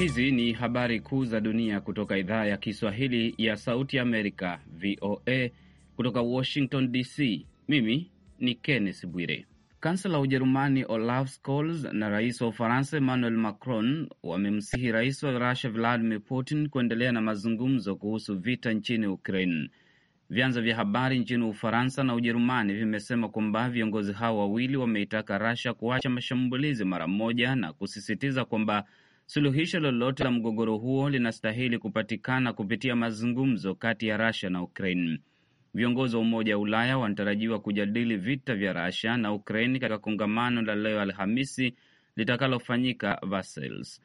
Hizi ni habari kuu za dunia kutoka idhaa ya Kiswahili ya Sauti Amerika, VOA, kutoka Washington DC. Mimi ni Kenneth Bwire. Kansela wa Ujerumani Olaf Scholz na rais wa Ufaransa Emmanuel Macron wamemsihi rais wa Rusia Vladimir Putin kuendelea na mazungumzo kuhusu vita nchini Ukraine. Vyanzo vya habari nchini Ufaransa na Ujerumani vimesema kwamba viongozi hao wawili wameitaka Rusia kuacha mashambulizi mara moja na kusisitiza kwamba Suluhisho lolote la mgogoro huo linastahili kupatikana kupitia mazungumzo kati ya rasia na Ukraine. Viongozi wa Umoja wa Ulaya wanatarajiwa kujadili vita vya rasia na Ukraine katika kongamano la leo Alhamisi litakalofanyika Brussels.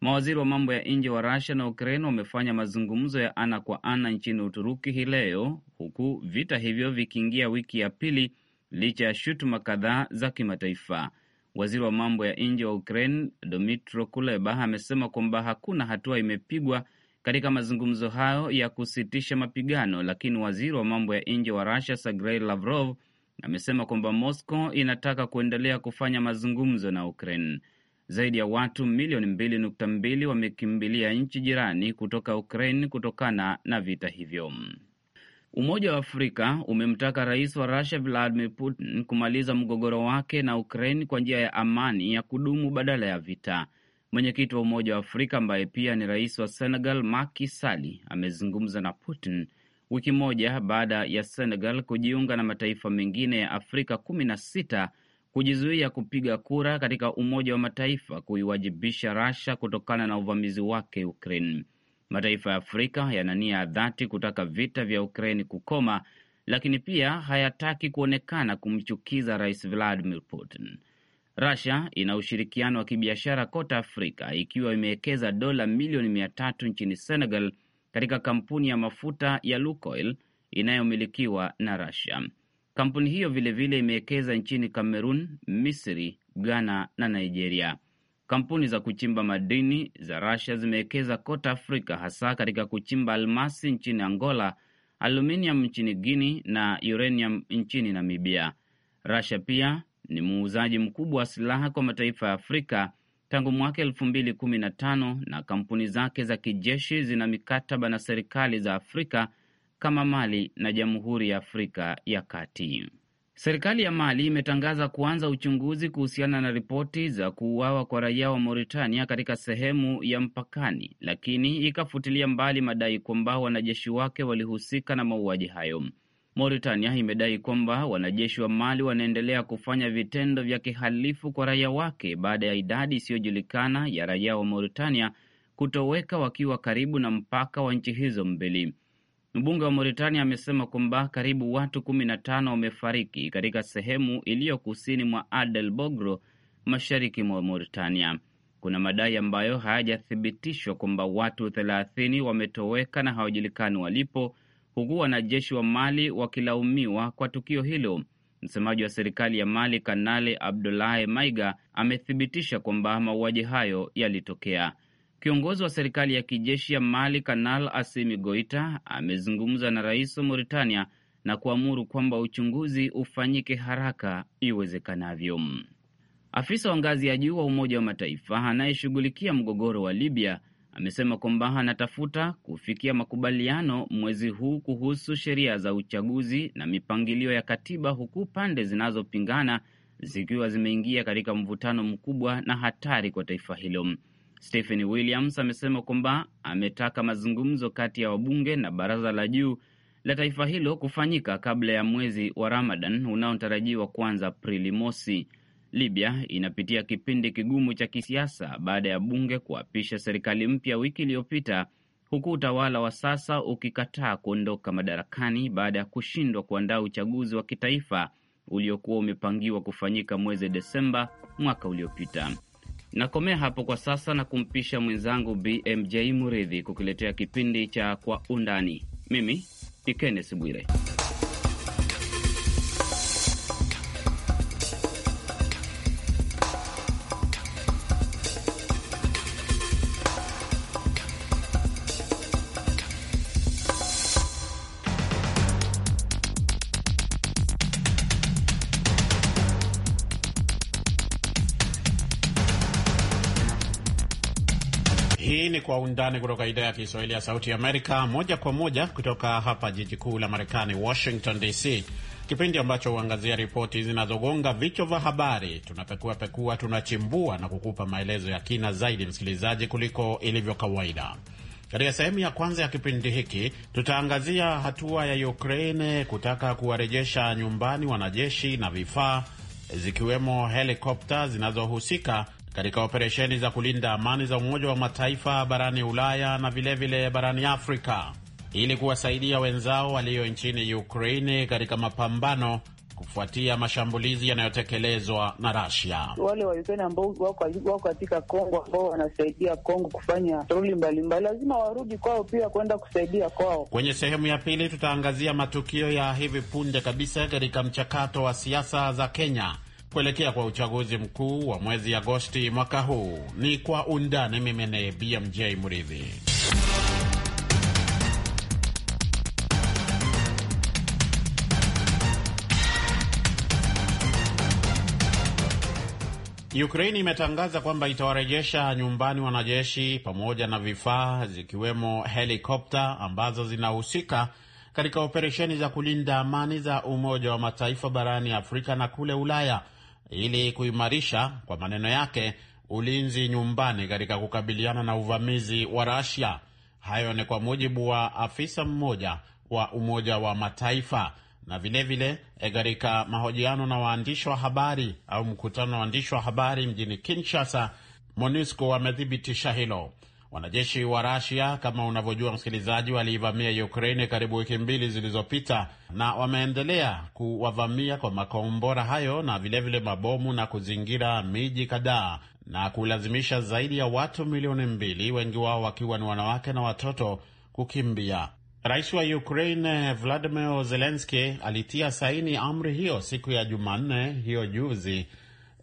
Mawaziri wa mambo ya nje wa rasia na Ukraine wamefanya mazungumzo ya ana kwa ana nchini Uturuki hii leo, huku vita hivyo vikiingia wiki ya pili licha ya shutuma kadhaa za kimataifa. Waziri wa mambo ya nje wa Ukraine Dmytro Kuleba amesema kwamba hakuna hatua imepigwa katika mazungumzo hayo ya kusitisha mapigano, lakini waziri wa mambo ya nje wa Russia Sergei Lavrov amesema kwamba Moscow inataka kuendelea kufanya mazungumzo na Ukraine. Zaidi ya watu milioni mbili nukta mbili wamekimbilia nchi jirani kutoka Ukraine kutokana na vita hivyo. Umoja wa Afrika umemtaka rais wa Rusia Vladimir Putin kumaliza mgogoro wake na Ukraine kwa njia ya amani ya kudumu badala ya vita. Mwenyekiti wa Umoja wa Afrika ambaye pia ni rais wa Senegal Macky Sall amezungumza na Putin wiki moja baada ya Senegal kujiunga na mataifa mengine ya Afrika kumi na sita kujizuia kupiga kura katika Umoja wa Mataifa kuiwajibisha rasha kutokana na uvamizi wake Ukraine. Mataifa ya Afrika yana nia ya dhati kutaka vita vya Ukraini kukoma, lakini pia hayataki kuonekana kumchukiza Rais Vladimir Putin. Rusia ina ushirikiano wa kibiashara kote Afrika, ikiwa imewekeza dola milioni mia tatu nchini Senegal katika kampuni ya mafuta ya Lukoil inayomilikiwa na Rusia. Kampuni hiyo vilevile imewekeza nchini Cameroon, Misri, Ghana na Nigeria. Kampuni za kuchimba madini za Russia zimewekeza kote Afrika, hasa katika kuchimba almasi nchini Angola, aluminium nchini Guini na uranium nchini Namibia. rusia pia ni muuzaji mkubwa wa silaha kwa mataifa ya Afrika tangu mwaka elfu mbili kumi na tano na kampuni zake za kijeshi zina mikataba na serikali za Afrika kama Mali na Jamhuri ya Afrika ya Kati. Serikali ya Mali imetangaza kuanza uchunguzi kuhusiana na ripoti za kuuawa kwa raia wa Mauritania katika sehemu ya mpakani, lakini ikafutilia mbali madai kwamba wanajeshi wake walihusika na mauaji hayo. Mauritania imedai kwamba wanajeshi wa Mali wanaendelea kufanya vitendo vya kihalifu kwa raia wake baada ya idadi isiyojulikana ya raia wa Mauritania kutoweka wakiwa karibu na mpaka wa nchi hizo mbili. Mbunge wa Mauritania amesema kwamba karibu watu kumi na tano wamefariki katika sehemu iliyo kusini mwa Adel Bogro, mashariki mwa Mauritania. Kuna madai ambayo hayajathibitishwa kwamba watu thelathini wametoweka na hawajulikani walipo, huku wanajeshi wa Mali wakilaumiwa kwa tukio hilo. Msemaji wa serikali ya Mali, Kanali Abdulahi Maiga, amethibitisha kwamba mauaji hayo yalitokea. Kiongozi wa serikali ya kijeshi ya Mali, Kanal Asimi Goita, amezungumza na rais wa Mauritania na kuamuru kwamba uchunguzi ufanyike haraka iwezekanavyo. Afisa wa ngazi ya juu wa Umoja wa Mataifa anayeshughulikia mgogoro wa Libya amesema kwamba anatafuta kufikia makubaliano mwezi huu kuhusu sheria za uchaguzi na mipangilio ya katiba, huku pande zinazopingana zikiwa zimeingia katika mvutano mkubwa na hatari kwa taifa hilo. Stephen Williams amesema kwamba ametaka mazungumzo kati ya wabunge na baraza la juu la taifa hilo kufanyika kabla ya mwezi wa Ramadan unaotarajiwa kuanza Aprili mosi. Libya inapitia kipindi kigumu cha kisiasa baada ya bunge kuapisha serikali mpya wiki iliyopita huku utawala wa sasa ukikataa kuondoka madarakani baada ya kushindwa kuandaa uchaguzi wa kitaifa uliokuwa umepangiwa kufanyika mwezi Desemba mwaka uliopita. Nakomea hapo kwa sasa na kumpisha mwenzangu BMJ Muridhi kukiletea kipindi cha Kwa Undani. Mimi ni Kenneth Bwire. Kwa Undani kutoka idhaa ya Kiswahili ya Sauti Amerika, moja kwa moja kutoka hapa jiji kuu la Marekani, Washington DC, kipindi ambacho huangazia ripoti zinazogonga vichwa vya habari. Tunapekuapekua, tunachimbua na kukupa maelezo ya kina zaidi, msikilizaji, kuliko ilivyo kawaida. Katika sehemu ya kwanza ya kipindi hiki tutaangazia hatua ya Ukraine kutaka kuwarejesha nyumbani wanajeshi na vifaa, zikiwemo helikopta zinazohusika katika operesheni za kulinda amani za Umoja wa Mataifa barani Ulaya na vilevile vile barani Afrika ili kuwasaidia wenzao walio nchini Ukraini katika mapambano kufuatia mashambulizi yanayotekelezwa na Rasia. Wale wa Ukraine ambao wako katika Kongo ambao wanasaidia Kongo kufanya shughuli mbalimbali, lazima warudi kwao pia kwenda kusaidia kwao. Kwenye sehemu ya pili, tutaangazia matukio ya hivi punde kabisa katika mchakato wa siasa za Kenya kuelekea kwa uchaguzi mkuu wa mwezi Agosti mwaka huu. Ni kwa undani. Mimi ni BMJ Mridhi. Ukraini imetangaza kwamba itawarejesha nyumbani wanajeshi pamoja na vifaa zikiwemo helikopta ambazo zinahusika katika operesheni za kulinda amani za Umoja wa Mataifa barani Afrika na kule Ulaya ili kuimarisha, kwa maneno yake, ulinzi nyumbani katika kukabiliana na uvamizi wa Russia. Hayo ni kwa mujibu wa afisa mmoja wa Umoja wa Mataifa na vilevile e, katika mahojiano na waandishi wa habari au mkutano wa waandishi wa habari mjini Kinshasa, MONUSCO wamethibitisha hilo. Wanajeshi wa Rasia, kama unavyojua msikilizaji, waliivamia Ukraini karibu wiki mbili zilizopita, na wameendelea kuwavamia kwa makombora hayo na vilevile vile mabomu na kuzingira miji kadhaa na kulazimisha zaidi ya watu milioni mbili, wengi wao wakiwa ni wanawake na watoto, kukimbia. Rais wa Ukraine Vladimir Zelenski alitia saini amri hiyo siku ya Jumanne hiyo juzi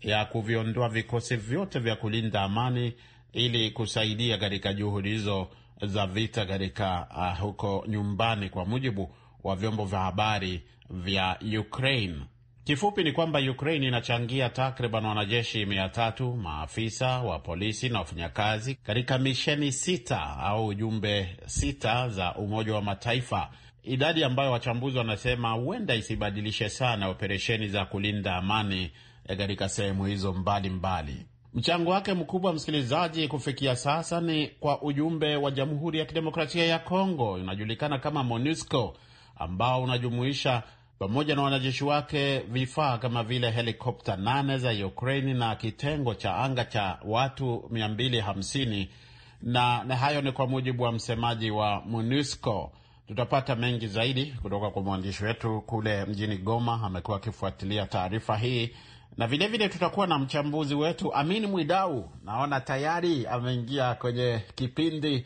ya kuviondoa vikosi vyote vya kulinda amani ili kusaidia katika juhudi hizo za vita katika uh, huko nyumbani, kwa mujibu wa vyombo vya habari vya Ukraine. Kifupi ni kwamba Ukraine inachangia takriban wanajeshi mia tatu, maafisa wa polisi na wafanyakazi katika misheni sita au jumbe sita za Umoja wa Mataifa, idadi ambayo wachambuzi wanasema huenda isibadilishe sana operesheni za kulinda amani eh, katika sehemu hizo mbalimbali mbali. Mchango wake mkubwa, msikilizaji, kufikia sasa ni kwa ujumbe wa Jamhuri ya Kidemokrasia ya Kongo unajulikana kama MONUSCO ambao unajumuisha pamoja na wanajeshi wake vifaa kama vile helikopta nane za Ukraini na kitengo cha anga cha watu 250 na, na hayo ni kwa mujibu wa msemaji wa MONUSCO. Tutapata mengi zaidi kutoka kwa mwandishi wetu kule mjini Goma, amekuwa akifuatilia taarifa hii na vilevile tutakuwa na mchambuzi wetu Amin Mwidau, naona tayari ameingia kwenye kipindi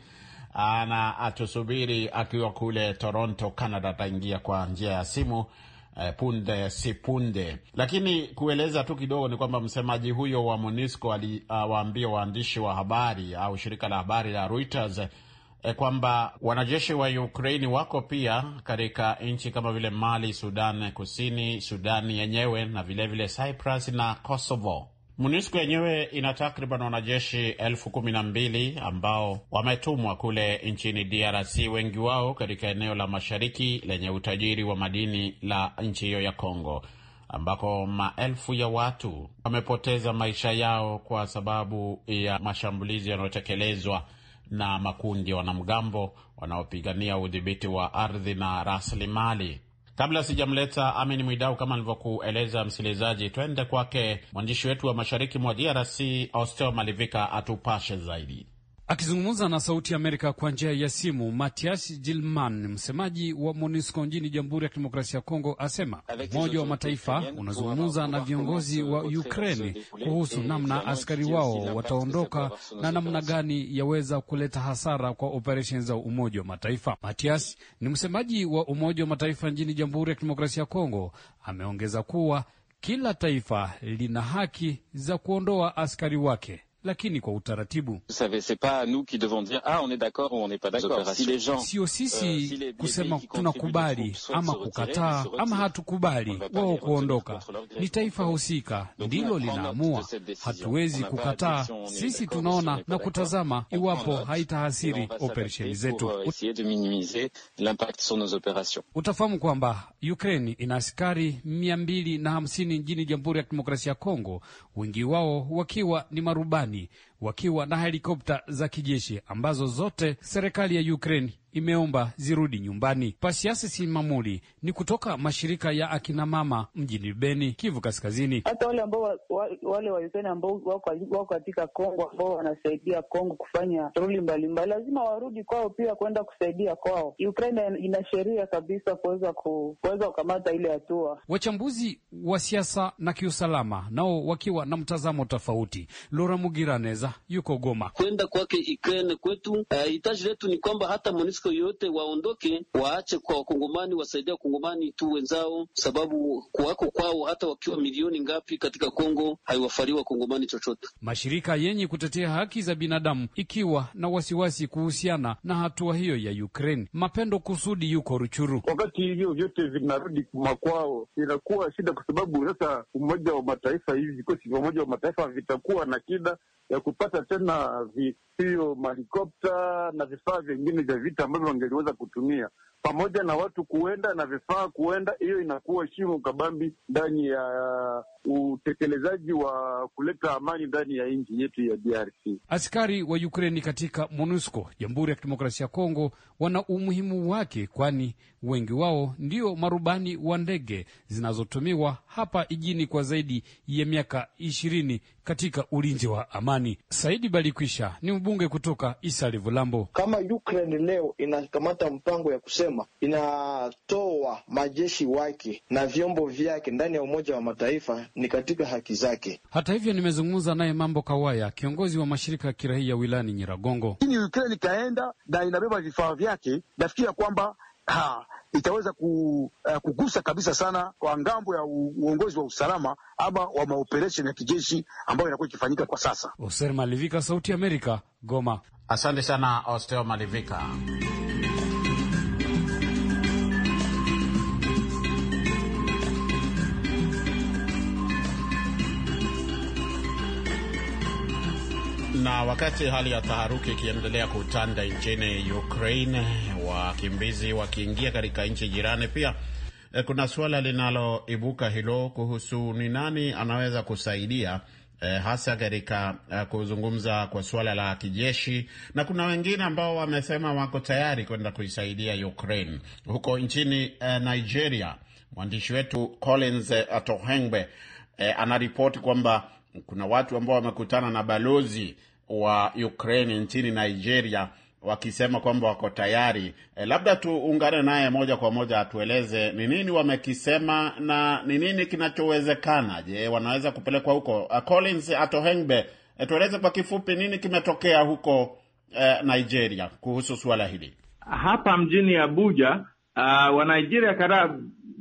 na atusubiri akiwa kule Toronto, Canada. Ataingia kwa njia ya simu eh, punde si punde. Lakini kueleza tu kidogo ni kwamba msemaji huyo wa MONUSCO aliwaambia uh, waandishi wa habari au shirika la habari la Reuters e, kwamba wanajeshi wa Ukraini wako pia katika nchi kama vile Mali, Sudan Kusini, Sudani yenyewe na vilevile vile Cyprus na Kosovo. MONUSCO yenyewe ina takriban wanajeshi elfu kumi na mbili ambao wametumwa kule nchini DRC, wengi wao katika eneo la mashariki lenye utajiri wa madini la nchi hiyo ya congo ambako maelfu ya watu wamepoteza maisha yao kwa sababu ya mashambulizi yanayotekelezwa na makundi ya wanamgambo wanaopigania udhibiti wa ardhi na rasilimali. Kabla sijamleta Amin Mwidau, kama alivyokueleza msikilizaji, twende kwake mwandishi wetu wa mashariki mwa DRC Austel Malivika atupashe zaidi. Akizungumza na Sauti ya Amerika kwa njia ya simu, Matias Gilman, msemaji wa MONUSCO nchini Jamhuri ya Kidemokrasia ya Kongo, asema Umoja wa Mataifa unazungumza na viongozi wa Ukraini kuhusu namna askari wao wataondoka na namna gani yaweza kuleta hasara kwa operesheni za Umoja wa Mataifa. Matias ni msemaji wa Umoja wa Mataifa nchini Jamhuri ya Kidemokrasia ya Kongo. Ameongeza kuwa kila taifa lina haki za kuondoa askari wake lakini kwa utaratibu. Ah, Sio sisi euh, kusema tunakubali ama kukataa ama hatukubali wao kuondoka. Ni taifa husika ndilo linaamua, hatuwezi kukataa. Sisi tunaona na kutazama iwapo haitahasiri operesheni zetu. Euh, Utafahamu kwamba Ukraine ina askari mia mbili na hamsini nchini Jamhuri ya Kidemokrasia ya Kongo, wengi wao wakiwa ni marubani ndani wakiwa na helikopta za kijeshi ambazo zote serikali ya Ukraine imeomba zirudi nyumbani. Pasiasi Simamuli ni kutoka mashirika ya akinamama mjini Beni, Kivu Kaskazini. Hata wale ambao wa, wale wa ambao wako katika Kongo ambao wanasaidia Kongo kufanya shughuli mbalimbali, lazima warudi kwao pia kwenda kusaidia kwao. Ukraine ina sheria kabisa kuweza kuweza kukamata ile hatua. Wachambuzi wa siasa na kiusalama nao wakiwa na mtazamo tofauti. Lora Mugirane yuko Goma. Kwenda kwake Ukraine kwetu, uh, hitaji letu ni kwamba hata MONUSCO yote waondoke, waache kwa wakongomani, wasaidia wakongomani tu wenzao, sababu kuwako kwao hata wakiwa milioni ngapi katika Kongo haiwafalii wakongomani chochote. Mashirika yenye kutetea haki za binadamu ikiwa na wasiwasi kuhusiana na hatua hiyo ya Ukraine. Mapendo Kusudi yuko Ruchuru. Wakati hivyo vyote vinarudi makwao, inakuwa shida kwa sababu sasa umoja wa Mataifa hivi vikosi vya Umoja wa Mataifa vitakuwa na shida ya kutu kupata tena hiyo malikopta na vifaa vingine vya vita ambavyo wangeliweza kutumia pamoja na watu kuenda na vifaa kuenda, hiyo inakuwa shimo kabambi ndani ya utekelezaji wa kuleta amani ndani ya nchi yetu ya DRC. Askari wa Ukraini katika MONUSCO Jamhuri ya Kidemokrasia ya Kongo wana umuhimu wake, kwani wengi wao ndio marubani wa ndege zinazotumiwa hapa ijini kwa zaidi ya miaka ishirini katika ulinzi wa amani. Saidi Balikwisha ni mbunge kutoka Isari Vulambo. Kama Ukraine leo inakamata mpango ya kusema inasema inatoa majeshi wake na vyombo vyake ndani ya Umoja wa Mataifa ni katika haki zake. Hata hivyo, nimezungumza naye Mambo Kawaya, kiongozi wa mashirika ya kiraia wilani Nyiragongo. Ini Ukraine ikaenda na inabeba vifaa vyake, nafikiria kwamba ha itaweza eh, kugusa kabisa sana kwa ngambo ya uongozi wa usalama ama wa maoperesheni ya kijeshi ambayo inakuwa ikifanyika kwa sasa. Oser Malivika, Sauti Amerika, Goma. Asante sana Oster Malivika. wakati hali ya taharuki ikiendelea kutanda nchini Ukraine, wakimbizi wakiingia katika nchi jirani, pia e, kuna suala linaloibuka hilo kuhusu ni nani anaweza kusaidia e, hasa katika e, kuzungumza kwa suala la kijeshi, na kuna wengine ambao wamesema wako tayari kwenda kuisaidia Ukraine. Huko nchini e, Nigeria, mwandishi wetu Collins e, Atohengbe e, anaripoti kwamba kuna watu ambao wamekutana na balozi wa Ukraine nchini Nigeria wakisema kwamba wako tayari. E, labda tuungane naye moja kwa moja atueleze ni nini wamekisema na ni nini kinachowezekana. Je, wanaweza kupelekwa huko? Uh, Collins Atohengbe, e, tueleze kwa kifupi nini kimetokea huko uh, Nigeria kuhusu suala hili. Hapa mjini Abuja, uh, wa Nigeria kadhaa,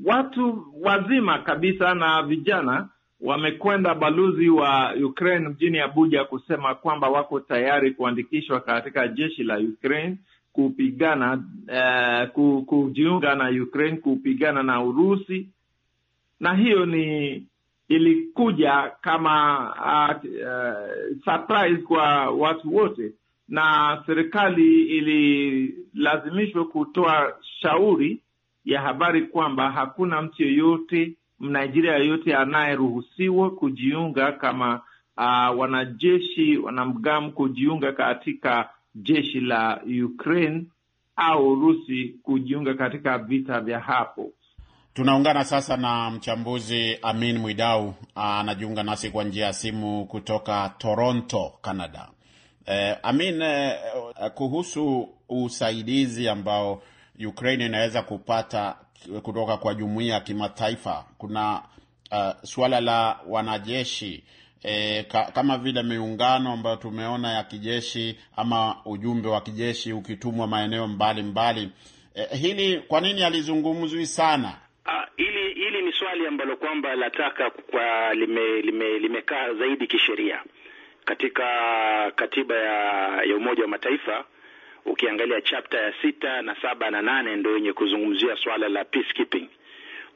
watu wazima kabisa na vijana wamekwenda balozi wa Ukraine mjini Abuja kusema kwamba wako tayari kuandikishwa katika jeshi la Ukraine kupigana uh, kujiunga na Ukraine kupigana na Urusi, na hiyo ni ilikuja kama uh, uh, surprise kwa watu wote, na serikali ililazimishwa kutoa shauri ya habari kwamba hakuna mtu yoyote Mnigeria yoyote anayeruhusiwa kujiunga kama uh, wanajeshi wanamgamu kujiunga katika jeshi la Ukraine au Urusi kujiunga katika vita vya hapo. Tunaungana sasa na mchambuzi Amin Mwidau, ah, anajiunga nasi kwa njia ya simu kutoka Toronto, Canada. Eh, Amin, eh, eh kuhusu usaidizi ambao Ukraine inaweza kupata kutoka kwa jumuiya ya kimataifa. Kuna uh, suala la wanajeshi E, ka, kama vile miungano ambayo tumeona ya kijeshi ama ujumbe wa kijeshi ukitumwa maeneo mbalimbali mbali. Eh, e, hili kwa nini alizungumzwi sana? Ah, hili hili ni swali ambalo kwamba lataka kwa limekaa lime, lime zaidi kisheria katika katiba ya, ya Umoja wa Mataifa ukiangalia chapter ya sita na saba na nane ndio yenye kuzungumzia swala la peacekeeping.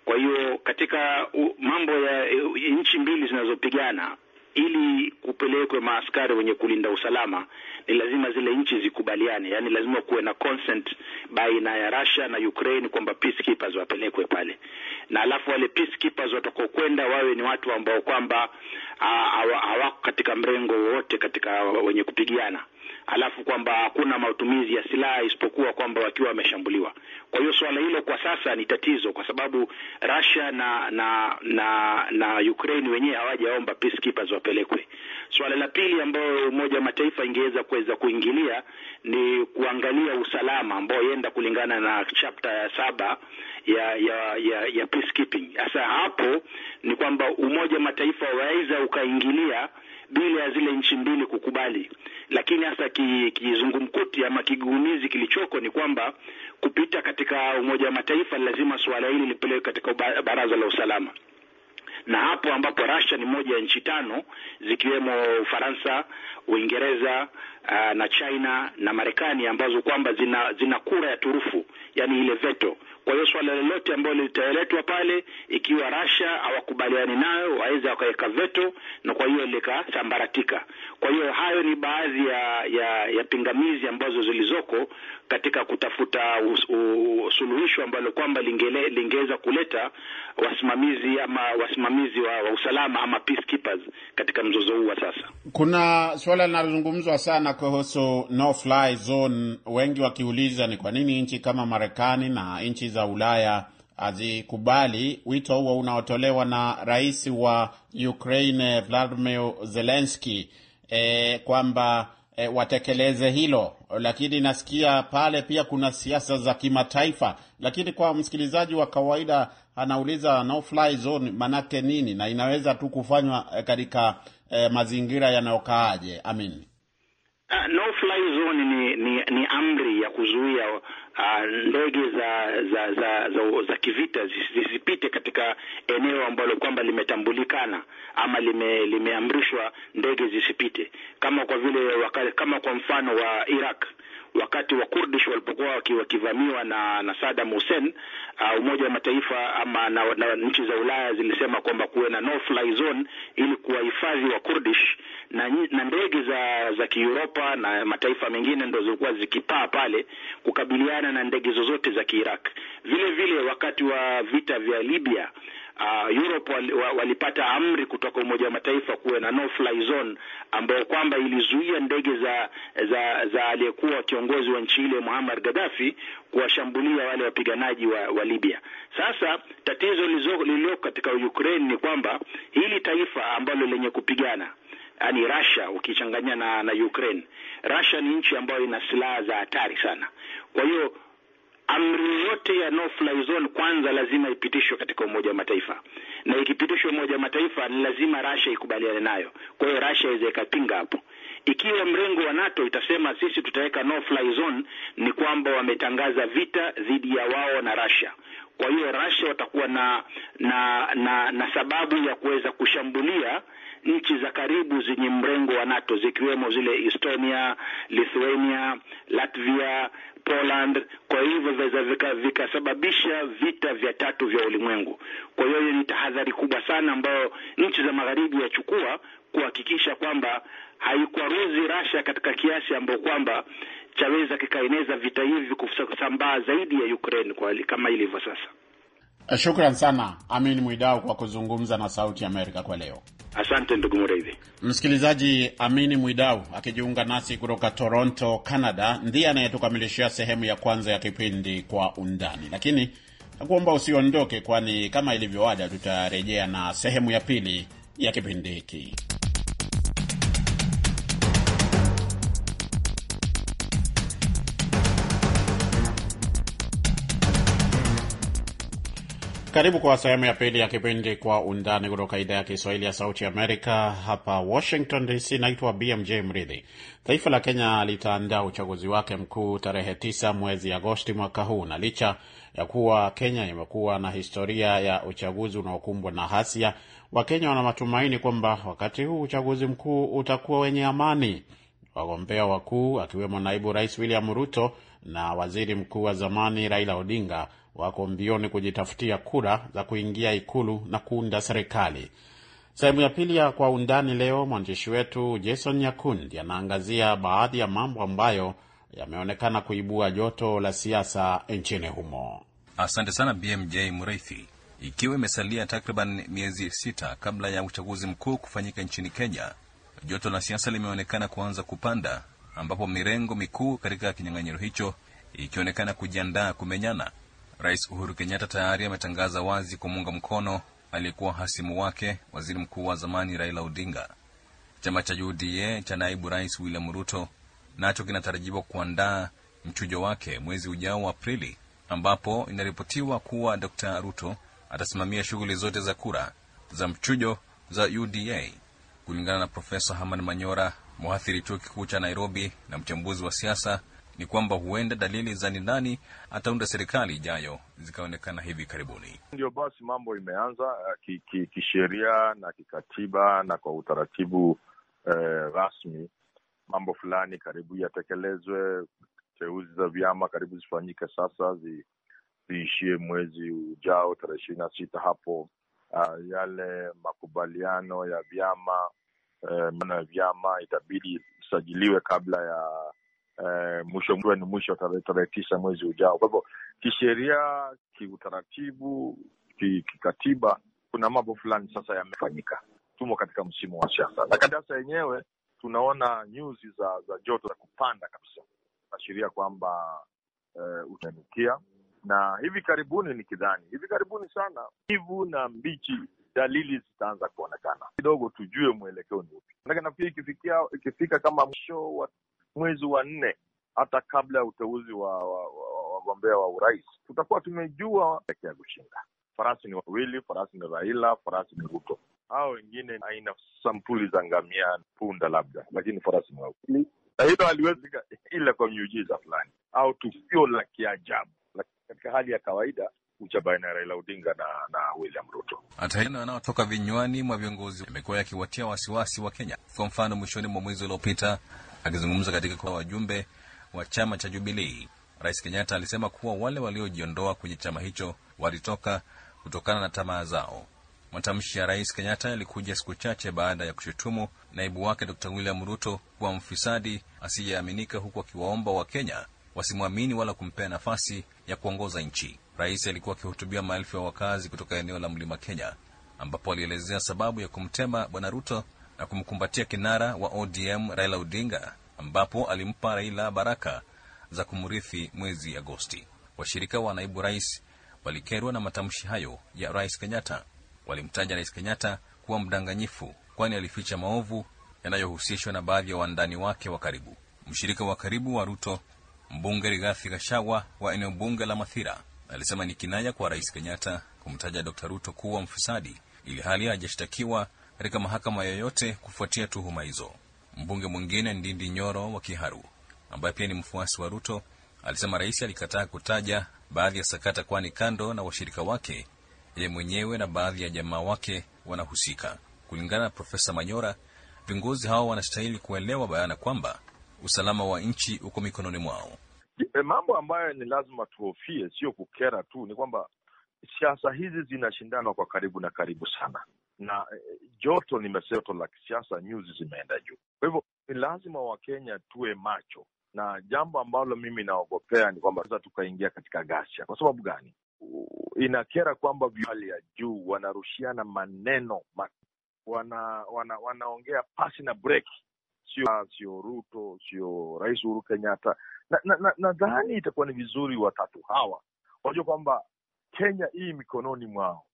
Kwa hiyo katika mambo ya e, nchi mbili zinazopigana ili kupelekwe maaskari wenye kulinda usalama ni lazima zile nchi zikubaliane, yani lazima kuwe na consent baina ya Russia na Ukraine kwamba peacekeepers wapelekwe pale, na alafu wale peacekeepers watakokwenda wawe ni watu ambao kwamba hawako katika mrengo wowote katika wenye kupigiana alafu kwamba hakuna matumizi ya silaha isipokuwa kwamba wakiwa wameshambuliwa. Kwa hiyo suala hilo kwa sasa ni tatizo, kwa sababu Russia na na na na Ukraine wenyewe hawajaomba peacekeepers wapelekwe. Suala la pili ambayo Umoja wa Mataifa ingeweza kuweza kuingilia ni kuangalia usalama ambao yenda kulingana na chapter ya saba ya ya ya, ya peacekeeping. Sasa hapo ni kwamba Umoja wa Mataifa waweza ukaingilia bila ya zile nchi mbili kukubali. Lakini hasa kizungumkuti ki ama kigumizi kilichoko ni kwamba kupita katika Umoja wa Mataifa lazima suala hili lipelekwe katika Baraza la Usalama na hapo ambapo Russia ni moja ya nchi tano zikiwemo Ufaransa, Uingereza, Uh, na China na Marekani ambazo kwamba zina, zina kura ya turufu, yani ile veto. Kwa hiyo swala lolote ambalo litaletwa pale, ikiwa Russia hawakubaliani nayo, waweza wakaweka veto, na kwa hiyo likasambaratika. Kwa hiyo hayo ni baadhi ya, ya, ya pingamizi ambazo zilizoko katika kutafuta suluhisho ambalo kwamba lingeweza kuleta wasimamizi ama wasimamizi wa, wa usalama ama peacekeepers katika mzozo huu wa sasa. Kuna swala linalozungumzwa sana kuhusu no fly zone, wengi wakiuliza ni kwa nini nchi kama Marekani na nchi za Ulaya hazikubali wito huo unaotolewa na rais wa Ukraine Vladimir Zelensky e, kwamba e, watekeleze hilo. Lakini nasikia pale pia kuna siasa za kimataifa. Lakini kwa msikilizaji wa kawaida anauliza no fly zone manake nini, na inaweza tu kufanywa e, katika e, mazingira yanayokaaje? Amini. Uh, no fly zone ni, ni, ni amri ya kuzuia uh, ndege za za, za za za kivita zisipite katika eneo ambalo kwamba limetambulikana ama lime, limeamrishwa ndege zisipite, kama kwa vile wakale, kama kwa mfano wa Iraq wakati wa Kurdish walipokuwa wakivamiwa na, na Saddam Hussein. Uh, Umoja wa Mataifa ama na, na nchi za Ulaya zilisema kwamba kuwe na no fly zone ili kuwahifadhi wa Kurdish na, na ndege za za Kiuropa na mataifa mengine ndo zilikuwa zikipaa pale kukabiliana na ndege zozote za Kiiraq. Vile vile wakati wa vita vya Libya uh, Europe walipata amri kutoka Umoja wa Mataifa kuwe na no fly zone ambayo kwamba ilizuia ndege za za, za aliyekuwa kiongozi wa nchi ile Muammar Gaddafi kuwashambulia wale wapiganaji wa, wa Libya. Sasa tatizo lililoko katika Ukraine ni kwamba hili taifa ambalo lenye kupigana yaani Russia ukichanganya na, na Ukraine. Russia ni nchi ambayo ina silaha za hatari sana. Kwa hiyo amri yote ya no fly zone kwanza lazima ipitishwe katika Umoja wa Mataifa, na ikipitishwa Umoja wa Mataifa ni lazima Russia ikubaliane nayo. Kwa hiyo Russia iweze ikapinga hapo. Ikiwa mrengo wa NATO itasema sisi tutaweka no fly zone, ni kwamba wametangaza vita dhidi ya wao na Russia. Kwa hiyo Russia watakuwa na na, na na sababu ya kuweza kushambulia nchi za karibu zenye mrengo wa NATO zikiwemo zile Estonia, Lithuania, Latvia Poland. Kwa hivyo vikasababisha vika vita vya tatu vya ulimwengu. Kwa hiyo ni tahadhari kubwa sana ambayo nchi za magharibi yachukua kuhakikisha kwamba haikwaruzi Russia katika kiasi ambayo kwamba chaweza kikaeneza vita hivi kusambaa zaidi ya Ukraine kwa kama ilivyo sasa. Shukran sana Amin Mwidau kwa kuzungumza na Sauti Amerika kwa leo. Asante ndugu Mureithi. Msikilizaji, Amini Mwidau akijiunga nasi kutoka Toronto, Canada, ndiye anayetukamilishia sehemu ya kwanza ya kipindi Kwa Undani, lakini nakuomba usiondoke, kwani kama ilivyo tutarejea na sehemu ya pili ya kipindi hiki. Karibu kwa sehemu ya pili ya kipindi Kwa Undani kutoka idhaa ya Kiswahili ya Sauti Amerika hapa Washington DC. Naitwa BMJ Mridhi. Taifa la Kenya litaandaa uchaguzi wake mkuu tarehe 9 mwezi Agosti mwaka huu, na licha ya kuwa Kenya imekuwa na historia ya uchaguzi unaokumbwa na hasia, Wakenya wana matumaini kwamba wakati huu uchaguzi mkuu utakuwa wenye amani. Wagombea wakuu akiwemo naibu rais William Ruto na waziri mkuu wa zamani Raila Odinga wako mbioni kujitafutia kura za kuingia ikulu na kuunda serikali. Sehemu ya pili ya Kwa Undani leo mwandishi wetu Jason Nyakundi anaangazia baadhi ya mambo ambayo yameonekana kuibua joto la siasa nchini humo. Asante sana BMJ Mreithi. Ikiwa imesalia takriban miezi sita kabla ya uchaguzi mkuu kufanyika nchini Kenya, joto la siasa limeonekana kuanza kupanda, ambapo mirengo mikuu katika kinyang'anyiro hicho ikionekana kujiandaa kumenyana. Rais Uhuru Kenyatta tayari ametangaza wazi kumuunga mkono aliyekuwa hasimu wake waziri mkuu wa zamani Raila Odinga. Chama cha UDA cha naibu rais William Ruto nacho kinatarajiwa kuandaa mchujo wake mwezi ujao wa Aprili, ambapo inaripotiwa kuwa Dr Ruto atasimamia shughuli zote za kura za mchujo za UDA. Kulingana na Profesa Haman Manyora, mwathiri chuo kikuu cha Nairobi na mchambuzi wa siasa ni kwamba huenda dalili za ni nani ataunda serikali ijayo zikaonekana hivi karibuni. Ndio basi mambo imeanza eh, kisheria ki, na kikatiba na kwa utaratibu eh, rasmi mambo fulani karibu yatekelezwe. Teuzi za vyama karibu zifanyike sasa, ziishie mwezi ujao tarehe ishirini na sita hapo. Uh, yale makubaliano ya vyama eh, mano ya vyama itabidi isajiliwe kabla ya Eh, mwisho mwisho ni mwisho tarehe tarehe tisa mwezi ujao. Kwa hivyo kisheria, kiutaratibu, kikatiba, kuna mambo fulani sasa yamefanyika. Tumo katika msimu wa siasa, na siasa yenyewe tunaona nyuzi za za joto za kupanda kabisa, ashiria kwamba eh, utanukia na hivi karibuni, ni kidhani hivi karibuni sana, ivu na mbichi, dalili zitaanza kuonekana kidogo, tujue mwelekeo ni upi. Nafikiri ikifikia ikifika kama mwisho wa mwezi wa nne, hata kabla ya uteuzi wa wagombea wa, wa, wa wa urais, tutakuwa tumejua pekee ya kushinda. Farasi ni wawili, farasi ni Raila, farasi ni Ruto. Hao wengine aina sampuli za ngamia, punda labda, lakini farasi ni wawili, na hilo haliwezi ila kwa miujiza fulani au tukio la kiajabu, lakini katika hali ya kawaida kucha baina ya Raila Odinga na, na William Ruto. Hata hino yanayotoka vinywani mwa viongozi yamekuwa yakiwatia wasiwasi wa Kenya. Kwa mfano, mwishoni mwa mwezi uliopita Akizungumza katika kwa wajumbe wa chama cha Jubilii, Rais Kenyatta alisema kuwa wale waliojiondoa kwenye chama hicho walitoka kutokana na tamaa zao. Matamshi ya Rais Kenyatta yalikuja siku chache baada ya kushutumu naibu wake Dr William Ruto kuwa mfisadi asiyeaminika, huku akiwaomba Wakenya wasimwamini wala kumpea nafasi ya kuongoza nchi. Rais alikuwa akihutubia maelfu ya wakazi kutoka eneo la Mlima Kenya, ambapo alielezea sababu ya kumtema Bwana Ruto na kumkumbatia kinara wa ODM Raila Odinga, ambapo alimpa Raila baraka za kumrithi mwezi Agosti. Washirika wa naibu rais walikerwa na matamshi hayo ya Rais Kenyatta. Walimtaja Rais Kenyatta kuwa mdanganyifu, kwani alificha maovu yanayohusishwa na baadhi ya wandani wake wa karibu. Mshirika wa karibu wa Ruto, mbunge Rigathi Gachagua wa eneo bunge la Mathira, alisema ni kinaya kwa Rais Kenyatta kumtaja Dr Ruto kuwa mfisadi ili hali hajashtakiwa katika mahakama yoyote kufuatia tuhuma hizo. Mbunge mwingine Ndindi Nyoro wa Kiharu, ambaye pia ni mfuasi wa Ruto, alisema rais alikataa kutaja baadhi ya sakata, kwani kando na washirika wake, yeye mwenyewe na baadhi ya jamaa wake wanahusika. Kulingana na Profesa Manyora, viongozi hao wanastahili kuelewa bayana kwamba usalama wa nchi uko mikononi mwao. E, mambo ambayo ni lazima tuhofie, sio kukera tu, ni kwamba siasa hizi zinashindanwa kwa karibu na karibu sana na eh, joto limeseto la kisiasa, nyuzi zimeenda juu. Kwa hivyo ni lazima Wakenya tuwe macho, na jambo ambalo mimi naogopea ni kwamba sasa tukaingia katika ghasia. Kwa sababu gani? Inakera kwamba hali ya juu wanarushiana maneno ma, wana, wana, wanaongea pasi na breki, sio sio Ruto, sio Rais Uhuru Kenyatta. Nadhani na, na, na itakuwa ni vizuri watatu hawa wajua kwamba Kenya hii mikononi mwao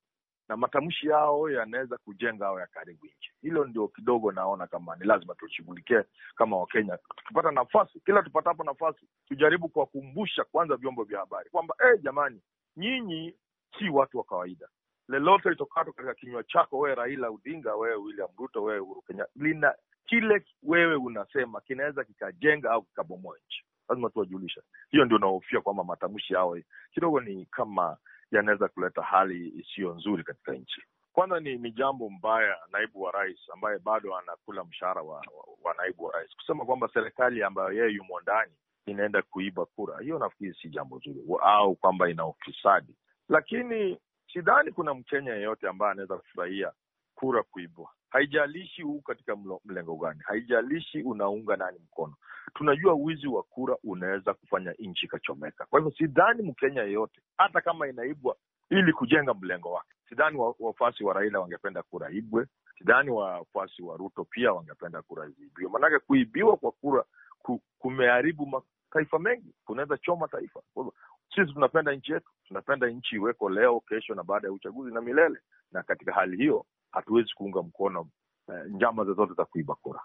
na matamshi yao yanaweza kujenga au yakaribu nchi. Hilo ndio kidogo naona kama ni lazima tulishughulikie kama Wakenya, tukipata nafasi, kila tupatapo nafasi, tujaribu kuwakumbusha kwanza vyombo vya habari kwamba eh, jamani, nyinyi si watu wa kawaida. Lolote litokato katika kinywa chako wewe Raila Odinga, wewe William Ruto, wewe Uhuru Kenyatta, lina kile wewe unasema kinaweza kikajenga au kikabomoa nchi. Lazima tuwajulisha. Hiyo ndio naofia kwamba matamshi yao kidogo ni kama yanaweza kuleta hali isiyo nzuri katika nchi. Kwanza ni, ni jambo mbaya naibu wa rais ambaye bado anakula mshahara wa, wa, wa naibu wa rais kusema kwamba serikali ambayo yeye yumo ndani inaenda kuiba kura, hiyo nafikiri si jambo zuri, au kwamba ina ufisadi, lakini sidhani kuna Mkenya yeyote ambaye anaweza kufurahia kura kuibwa. Haijalishi huu katika mlengo gani, haijalishi unaunga nani mkono. Tunajua wizi wa kura unaweza kufanya nchi ikachomeka. Kwa hivyo sidhani Mkenya yeyote hata kama inaibwa ili kujenga mlengo wake, sidhani wafuasi wa Raila wangependa kura ibwe. Sidhani wafuasi wa Ruto pia wangependa kura ziibiwe, maanake kuibiwa kwa kura ku, kumeharibu mataifa mengi, kunaweza choma taifa. Kwa hivyo sisi tunapenda nchi yetu, tunapenda nchi iweko leo, kesho na baada ya uchaguzi na milele, na katika hali hiyo hatuwezi kuunga mkono eh, njama zozote za kuiba kura.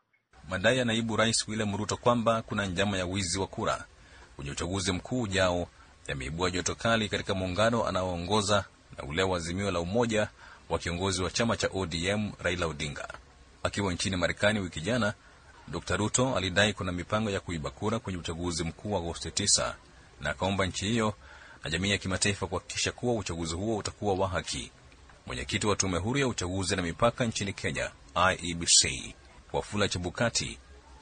Madai ya naibu rais William Ruto kwamba kuna njama ya wizi wa kura kwenye uchaguzi mkuu ujao yameibua joto kali katika muungano anaoongoza na ule wa Azimio la Umoja wa kiongozi wa chama cha ODM Raila Odinga. Akiwa nchini Marekani wiki jana, Dr Ruto alidai kuna mipango ya kuiba kura kwenye uchaguzi mkuu wa Agosti 9 na akaomba nchi hiyo na jamii ya kimataifa kuhakikisha kuwa uchaguzi huo utakuwa wa haki. Mwenyekiti wa Tume Huru ya Uchaguzi na Mipaka nchini Kenya, IEBC, Wafula Chebukati,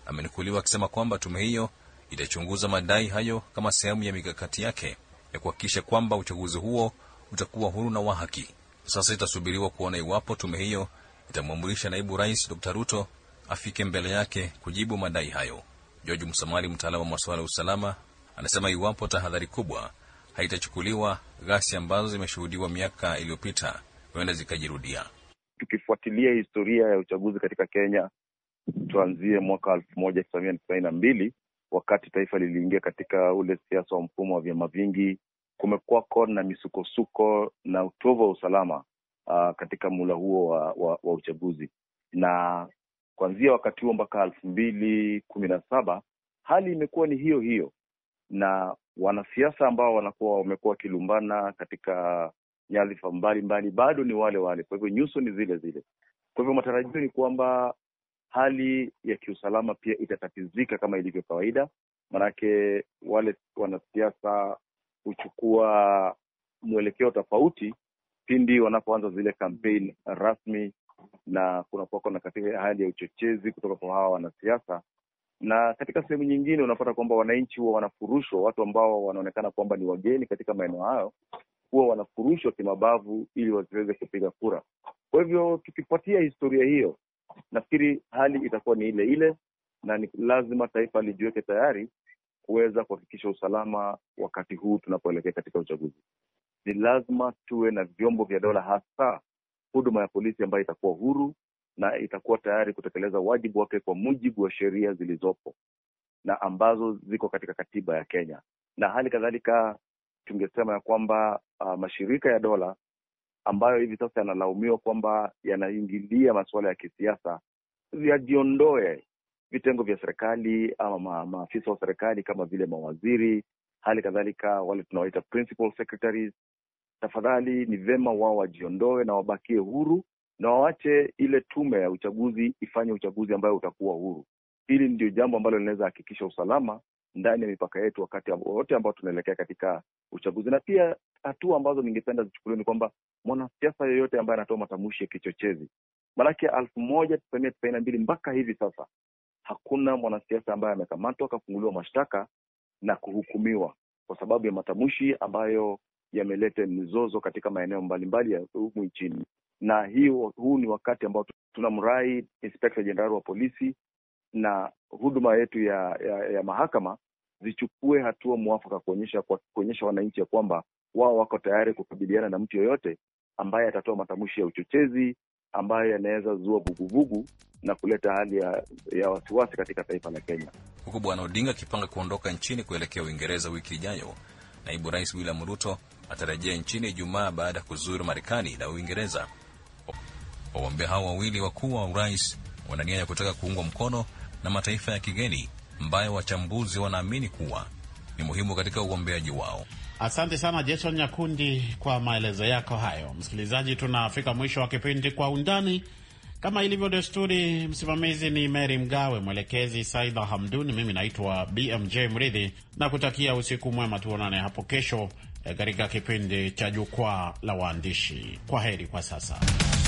amenukuliwa akisema kwamba tume hiyo itachunguza madai hayo kama sehemu ya mikakati yake ya kuhakikisha kwamba uchaguzi huo utakuwa huru na wa haki. Sasa itasubiriwa kuona iwapo tume hiyo itamwamurisha naibu rais Dr Ruto afike mbele yake kujibu madai hayo. George Msamali, mtaalamu wa masuala ya usalama, anasema iwapo tahadhari kubwa haitachukuliwa, ghasia ambazo zimeshuhudiwa miaka iliyopita huenda zikajirudia. Tukifuatilia historia ya uchaguzi katika Kenya, tuanzie mwaka elfu moja tisa mia tisaini na mbili wakati taifa liliingia katika ule siasa wa mfumo wa vyama vingi, kumekuwako na misukosuko na utovu wa usalama uh, katika muhula huo wa, wa, wa uchaguzi na kuanzia wakati huo mpaka elfu mbili kumi na saba hali imekuwa ni hiyo hiyo, na wanasiasa ambao wanakuwa wamekuwa wakilumbana katika nyadhifa mbalimbali bado ni wale wale, kwa hivyo nyuso ni zile zile. Kwa hivyo matarajio ni kwamba hali ya kiusalama pia itatatizika kama ilivyo kawaida, manake wale wanasiasa huchukua mwelekeo tofauti pindi wanapoanza zile kampeni rasmi, na kunakuwako na katika hali ya uchochezi kutoka kwa hawa wanasiasa, na katika sehemu nyingine unapata kwamba wananchi huwa wanafurushwa, watu ambao wanaonekana kwamba ni wageni katika maeneo hayo huwa wanafurushwa kimabavu ili wasiweze kupiga kura. Kwa hivyo tukifuatia historia hiyo, nafikiri hali itakuwa ni ile ile, na ni lazima taifa lijiweke tayari kuweza kuhakikisha usalama wakati huu tunapoelekea katika uchaguzi. Ni lazima tuwe na vyombo vya dola, hasa huduma ya polisi ambayo itakuwa huru na itakuwa tayari kutekeleza wajibu wake kwa mujibu wa sheria zilizopo na ambazo ziko katika katiba ya Kenya. Na hali kadhalika tungesema ya kwamba uh, mashirika ya dola ambayo hivi sasa yanalaumiwa kwamba yanaingilia masuala ya kisiasa yajiondoe vitengo vya serikali ama maafisa wa serikali kama vile mawaziri, hali kadhalika wale tunawaita principal secretaries. Tafadhali ni vema wao wajiondoe na wabakie huru na waache ile tume ya uchaguzi ifanye uchaguzi ambayo utakuwa huru. Hili ndio jambo ambalo linaweza hakikisha usalama ndani ya mipaka yetu wakati wote ambao tunaelekea katika uchaguzi, na pia hatua ambazo ningependa zichukuliwe ni kwamba mwanasiasa yoyote ambaye anatoa matamshi ya kichochezi, maanake elfu moja tisamia tisaini na mbili mpaka hivi sasa hakuna mwanasiasa ambaye amekamatwa akafunguliwa mashtaka na kuhukumiwa kwa sababu ya matamshi ambayo yameleta mizozo katika maeneo mbalimbali ya humu nchini. Na hii, huu ni wakati ambao tuna mrai Inspekta Jenerali wa polisi na huduma yetu ya, ya, ya mahakama zichukue hatua mwafaka kuonyesha, kuonyesha wananchi ya kwamba wao wako tayari kukabiliana na mtu yoyote ambaye atatoa matamshi ya uchochezi ambayo yanaweza zua vuguvugu na kuleta hali ya, ya wasiwasi katika taifa la Kenya. Huku Bwana Odinga akipanga kuondoka nchini kuelekea Uingereza wiki ijayo, naibu rais William Ruto atarejea nchini Ijumaa baada ya kuzuru Marekani na Uingereza. Wagombea hao wawili wakuu wa urais wana nia ya kutaka kuungwa mkono na mataifa ya kigeni ambayo wachambuzi wanaamini kuwa ni muhimu katika ugombeaji wao. Asante sana Jason Nyakundi kwa maelezo yako hayo. Msikilizaji, tunafika mwisho wa kipindi Kwa Undani. Kama ilivyo desturi, msimamizi ni Meri Mgawe, mwelekezi Saida Hamdun, mimi naitwa BMJ Mridhi na kutakia usiku mwema. Tuonane hapo kesho eh, katika kipindi cha Jukwaa la Waandishi. Kwa heri kwa sasa.